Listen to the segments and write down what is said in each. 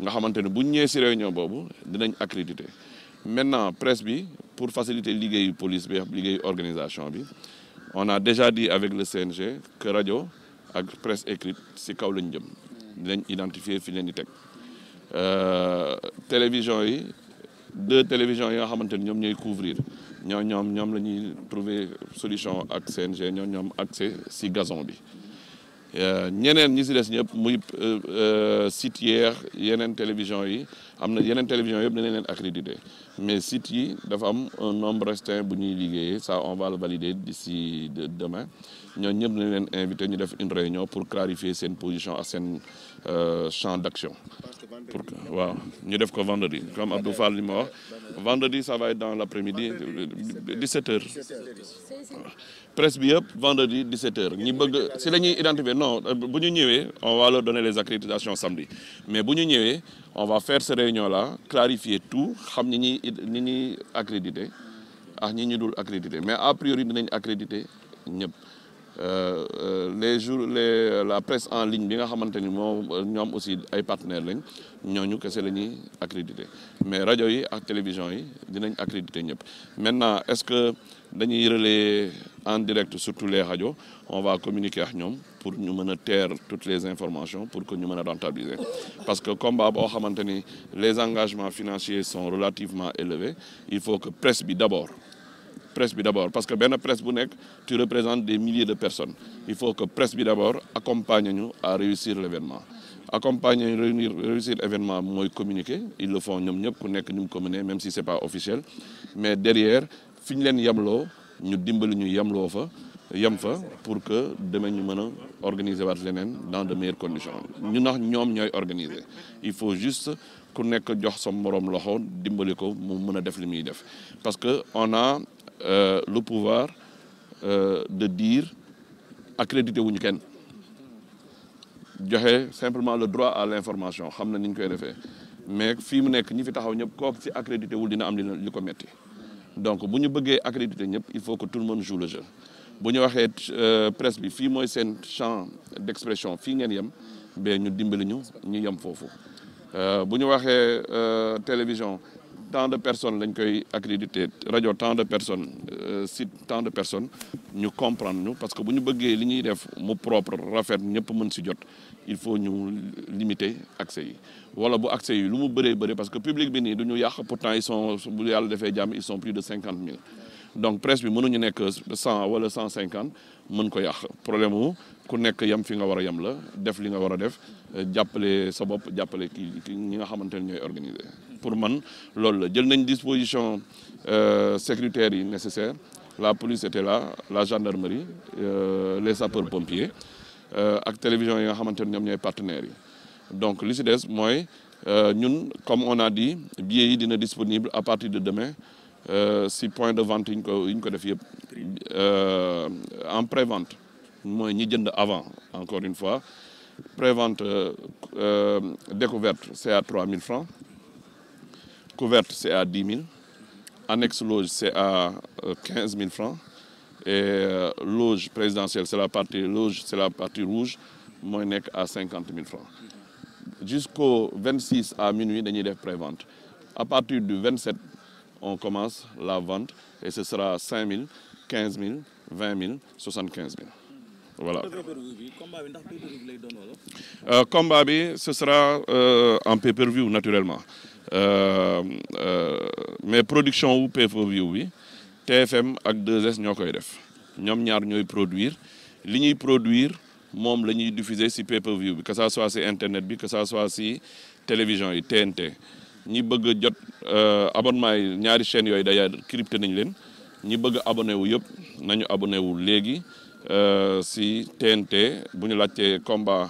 nga xamante ne bu ñëwee si réunion boobu dinañ accrédité maintenant presse bi pour faciliter liggéeyu police bi liggéey organisation bi on a déjà dit avec le CNG que rajo ak presse écrite si kaw lañ jëm dinañ identifier fi leen di teg euh, télévision yi deux télévisions yi nga xamante ni ñoom ñooy couvrir ñoo ñoom ñoom la ñuy trouver solution ak CNG ñoo ñoom accès si gazon bi Euh, ñeneen ñi si des ñëpp muy euh, euh, site yeex yeneen télévision yi am na yeneen télévision yëpp dinañ leen accrédité mais sites yi dafa am un nombre restreint bu ñuy liggéeyee sa on va le valider d'ici demain ñoo ñëpp nañ leen invité ñu def une réunion pour clarifier seen position ak seen euh, champ d'action pour waaw ñu def ko vendredi comme Abdou Fall li ma wax vendredi ça va être dans l'après-midi 17 heures presse bi yëpp vendredi 17 heures ñi bëgg si la ñuy identifier non bu ñu ñëwee on va leur donner les accréditations samedi mais bu ñu ñëwee on va faire ces réunions-là clarifier tout xam ni ñuy ñi ñuy accrédité ak ñi ñu dul accrédité mais a priori nañu accrédité ñëpp Euh, euh, les jours les euh, la presse en ligne bi nga xamante ni moom ñoom aussi ay partenaires lañ ñooñu kese la ñuy accrédité mais rajo yi ak télévision yi dinañ accrédité ñëpp maintenant est-ce que dañuy relayer en direct surtout les rajo on va communiquer ak ñoom pour ñu mën a teer toutes les informations pour que ñu mën a rentabiliser parce que combat boo xamante ni les engagements financiers sont relativement élevés il faut que presse bi d'abord presse bi d'abord parce que benn presse bu nekk tu représentes des milliers de personnes il faut que presse bi d'abord accompagne ñu à réussir l'événement accompagner réunir réussir événement mooy communiquer ils le font ñoom ñëpp ku nekk ni mu communiquer même si c'est pas officiel mais derrière fi ñu leen yemloo ñu dimbali ñu yemloo fa yem fa pour que demain ñu mën a organiser waat leneen dans de meilleures conditions ñu nax ñoom ñooy organiser il faut juste ku nekk jox sa moroom loxo dimbali ko mu mën a def li muy def parce que on a euh, le pouvoir euh, de dire accrédité wuñu kenn joxe simplement le droit à l'information xam na ñu ñu koy defee mais fii mu nekk ñi fi taxaw ñëpp koo si accrédité wul dina am li ko metti donc bu ñu bëggee accrédité ñëpp il faut que tout le monde joue le jeu bu ñu waxee euh, presse bi fii mooy seen champ d'expression fii ngeen yem ba ñu dimbali ñu ñu yem foofu euh, bu ñu waxee euh, télévision tant de personnes lañ koy accrédité rajo tant de personnes euh, site tant de personnes ñu comprendre ñu parce que bu ñu bëggee li ñuy def mu propre rafet ñëpp mën si jot il faut ñu limiter accès yi wala bu accès yi lu mu bëree bëri parce que public bi nii du ñu yàq pourtant ils sont bu yàlla defee jàmm ils sont plus de cinquante mille donc presse bi mënuñu nekk cent wala cent cinquante mën ko yàq problème mu ku nekk yam fi nga war a yam la def li nga war a def euh, jàppale sa bopp jàppale ki ñi nga xamante ne ñooy organiser pour man loolu la jël nañ disposition euh, sécuritaire yi nécessaire la police était là la gendarmerie euh, les sapeurs pompiers ak télévision yi nga xamante ne ñoom ñooy partenaires yi donc li si des mooy ñun comme on a di billets yi dina disponible à partir de demain si point de vente yi ñu ko yi ko def yëpp en prévente mooy ñi jënd avant encore une fois prévente euh, euh, découverte c'est à 3000 francs couverte c'est à 10 000 annexe loge c'est à 15 euh, 000 francs et loge présidentielle c'est la partie loge c'est la partie rouge mooy nekk à 50 000 francs jusqu'au 26 à minuit dañuy def prévente à partir du 27 on commence la vente et ce sera 5 000 15 000 20 000 75 000 voilà euh, combat bi ce sera euh, en pay-per-view naturellement euh, euh, mais production wu pay-per-view bi TFM ak 2S ñoo koy def ñoom ñaar ñooy produire li ñuy produire moom la ñuy diffuser ci pay view bi que ça soit ci internet bi que ça soit si télévision yi TNT ñi bëgg a jot euh, abonnement yi ñaari chaînes yooyu daya crypté nañ leen ñi bëgg a abonné wu yëpp nañu abonné wu léegi Euh, si TNT bu ñu laajtee combat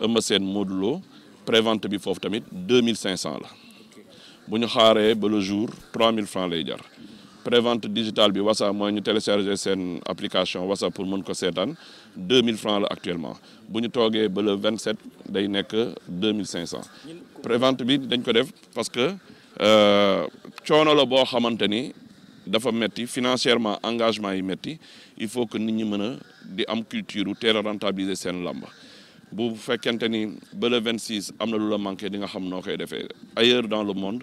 Eumeu Sène Modou Lo prévente bi foofu tamit deux mille cinq cent la bu ñu xaaree ba jour trois mille francs lay jar prévente digitale bi wasa mooy ñu télécharger seen application wasa pour mën ko seetaan deux mille francs la actuellement bu ñu toogee ba vingt sept day nekk deux mille cinq cent prévente bi dañ ko def parce que euh, coono la boo xamante ni dafa metti financièrement engagement yi metti il faut que nit ñi mën a di am culture teel a rentabiliser seen làmb bu fekkente ni ba le 26 am na lu la manqué di nga xam noo koy defee ailleurs dans le monde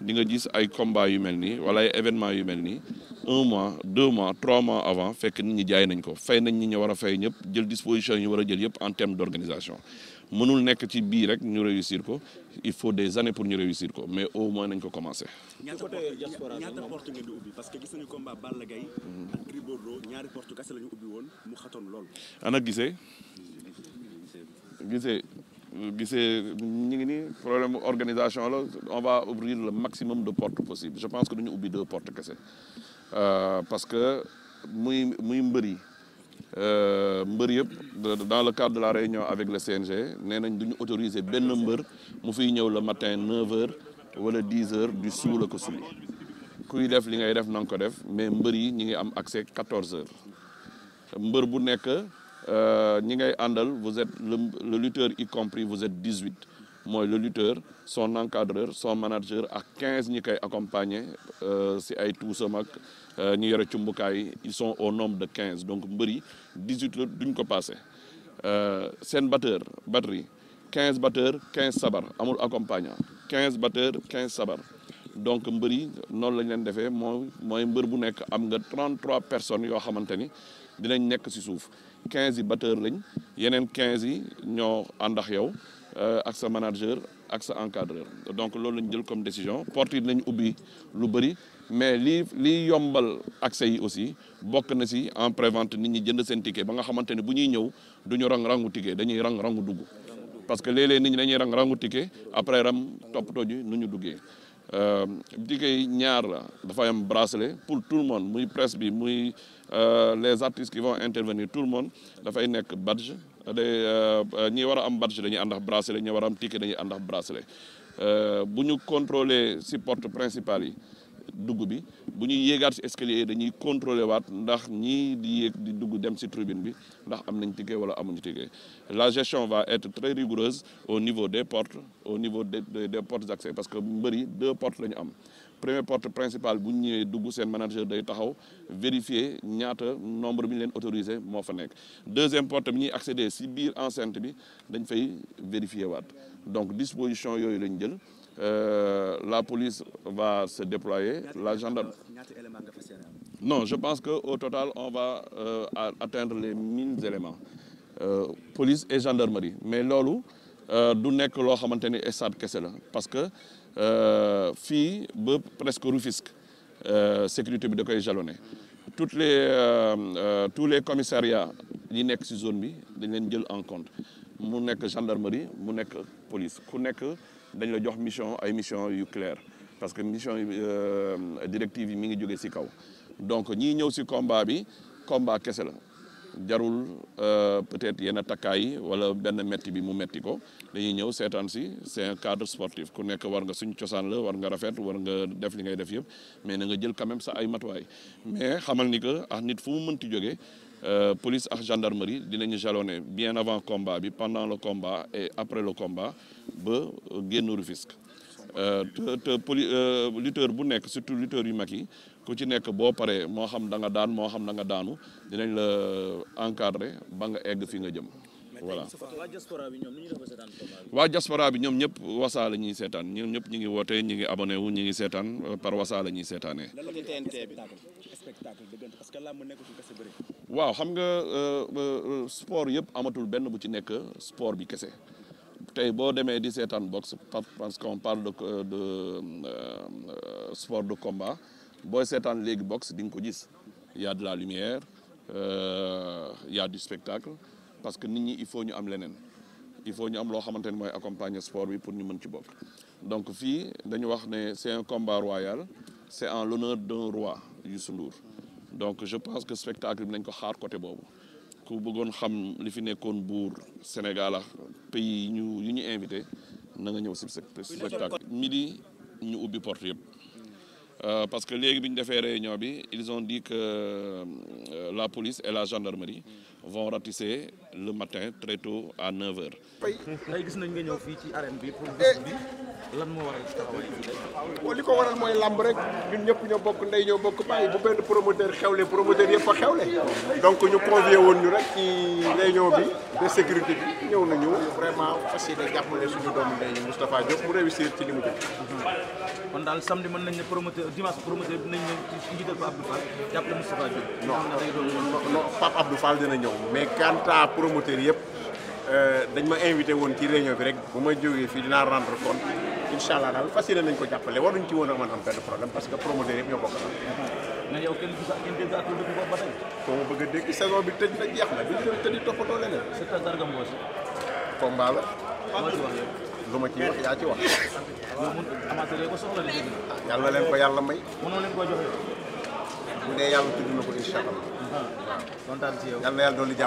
di nga gis ay combat yu mel nii wala ay événement yu mel nii un mois deux mois trois mois avant fekk nit ñi jaay nañ ko fay nañ ñi ñu war a fay ñëpp jël disposition yi ñu war a jël yëpp en terme d'organisation mënul nekk ci bii rek ñu réussir ko il faut des années pour ñu réussir ko mais au moins nañ ko commencé. ñaata porte ngeen di ubbi parce que gis nañu combat Balla Gaye mhm. ak Gris Bordeaux ñaari porte kese la ñu ubbi woon mu xatoon lool. ana gisee gisee gisee ñu ngi nii problème organisation la on va ouvrir le maximum de portes possible je pense que du ñu ubbi deux portes kese euh, parce que muy muy mbëri. Euh, mbër yëpp dans le cadre de la réunion avec le CNG nee nañ du ñu autoriser benn mbër mu fiy ñëw le matin 9h wala 10h du la ko suli kuy def li ngay def na nga ko def mais mbër yi ñi ngi am accès 14h mbër bu nekk euh, ñi ngay àndal vous êtes le lutteur y compris vous êtes 18. mooy le lutteur son encadreur son manager ak quinze ñi koy accompagner euh, si ay tuusam ak euh, ñu yore cumbukaay ils sont au nombre de quinze donc mbëri dix duñ ko passé euh, seen batteur batterie quinze batteur quinze sabar amul accompagnant quinze batteur quinze sabar donc mbër yi noonu lañ leen defee moo mooy mbër bu nekk am nga 33 personnes yoo xamante ni dinañ nekk ci suuf 15 yi batteur lañ yeneen 15 yi ñoo ànd ak yow Euh, ak sa manager ak sa encadreur donc loolu lañu jël comme décision porte nañu ubbi lu bëri mais lii lii yombal accès yi aussi bokk na si en prévente nit ñi jënd seen ticket ba nga xamante ne bu ñuy ñëw du ñu rang rangu ticket dañuy rang rangu dugg parce que léeg-léeg nit ñi dañuy rang rangu ticket après ram toppatoo ji nu ñu duggee euh, ticket yi ñaar la dafay am bracelet pour tout le monde muy presse bi muy euh, les artistes qui vont intervenir tout le monde dafay nekk badge Eh, eh, ñi war a am badge dañuy ànd ak bracelet ñi war am ticket dañuy ànd ak bracelet eh, bu ñu contrôler si porte principale yi dugg bi bu ñuy yéegaat si escalier yi dañuy contrôler waat ndax ñii di yéeg di dugg dem si tribune bi ndax am nañ ticket wala amuñu ticket la gestion va être très rigoureuse au niveau des portes au niveau des des portes d'accès parce que mbër yi deux portes la ñu am premier porte principal bu ñu ñëwee dugg seen manager day taxaw vérifier ñaata nombre bi ñu leen autorisé moo fa nekk deuxième porte bi ñuy accéder si biir enceinte bi dañ fay vérifier waat donc disposition yooyu lañ jël euh, la police va se déployer la gendarme non je pense que au total on va euh, atteindre les mille éléments euh, police et gendarmerie mais loolu du nekk loo xamante ni stade kese la parce que Euh, fii ba presque Rufisque euh, sécurité bi da koy jalonné toutes les euh, tous les commissariats yi nekk ci zone bi dañ leen jël en compte mu nekk gendarmerie mu nekk police ku nekk dañ la jox mission ay mission yu claire parce que mission directive yi mi ngi jóge ci kaw donc ñii ñëw ci combat bi combat kese la jarul euh, peut-être yenn takkaay wala benn metti bi mu metti ko dañuy ñëw seetaan si c'est un cadre sportif ku nekk war nga suñ cosaan la war nga rafet war nga def li ngay def yëpp mais na nga jël quand sax ay matuwaay mais xamal ni que ah nit fu mu mënti jógee euh, police ak gendarmerie dinañu jalonné bien avant combat bi pendant la combat et après la combat ba euh, génn Rufisque te te poli lutteur bu nekk surtout lutteur yu mag yi ku ci nekk boo paree moo xam danga daan moo xam da nga daanu dinañ la euh, encadrer ba nga egg fi nga jëm. voilà waa diaspora bi ñoom ñu def seetaan bi ñoom ñëpp wasaa la ñuy seetaan ñoom ñëpp ñu ngi wootee ñu ngi abonné wu ñu ngi seetaan euh, par wasaa la seetaanee. la TNT bi spectacle dëgg parce que làmb nekkatul kese bëri. waaw xam nga euh, sport yëpp amatul benn bu ci nekk sport bi kese tey boo demee di seetaan boxe parce qu'on parle de de sport booy seetaan léegi box di nga ko gis il y de la lumière euh, il du spectacle parce que nit ñi il faut ñu am leneen il faut ñu am loo xamante ne mooy accompagner sport bi pour ñu mën ci bopp donc fii dañu wax ne c'est un combat royal c'est en l'honneur d'un roi Youssou Ndour donc je pense que spectacle bi nañ ko xaar côté boobu ku bëggoon xam li fi nekkoon buur Sénégal ak pays yu ñu invité na nga ñëw si spectacle midi ñu ubbi porte yëpp Euh, parce que léegi bi ñu defee réunion bi ils ont dit que euh, la police et la gendarmerie vont ratisser le matin très tôt à 9 heures. tey gis nañ nga ñëw fii ci arène bi eh. moo waral li ko waral mooy làmb rek ñun ñëpp ñoo bokk ndey ñoo bokk baay bu benn promoteur xewle promoteur yëpp a xewle donc ñu convié woon ñu rek ci réunion bi de sécurité bi. ñëw nañu vraiment fas yéene jàppale suñu doomu ndey Moustapha Diop mu réussir ci li mu jëm. Mhm. daal samedi man nañ ne promoteur dimanche promoteur dinañ ñëw ci njiital Pape Fall dina ñëw mais quant à promoteur yëpp euh, dañ ma invité woon ci réunion bi rek bu ma jógee fii dinaa rendre compte incha daal fas yéene ko jàppale waruñ ci woon a am benn problème parce que promoteur yëpp ñoo bokk na. mais yow kenn gis kenn dégg ak lu dëgg boobu ba ma a dégg saison bi tëj na jeex na ci wax lu ma ci wax yaa ci wax. yow mun amateur ko soxla di dégg ah, na. yàlla leen ko yàlla may. mënoo leen koo joxe. bu dee yàlla tudd na ko incha allah. yàlla yàlla dolli jàmm.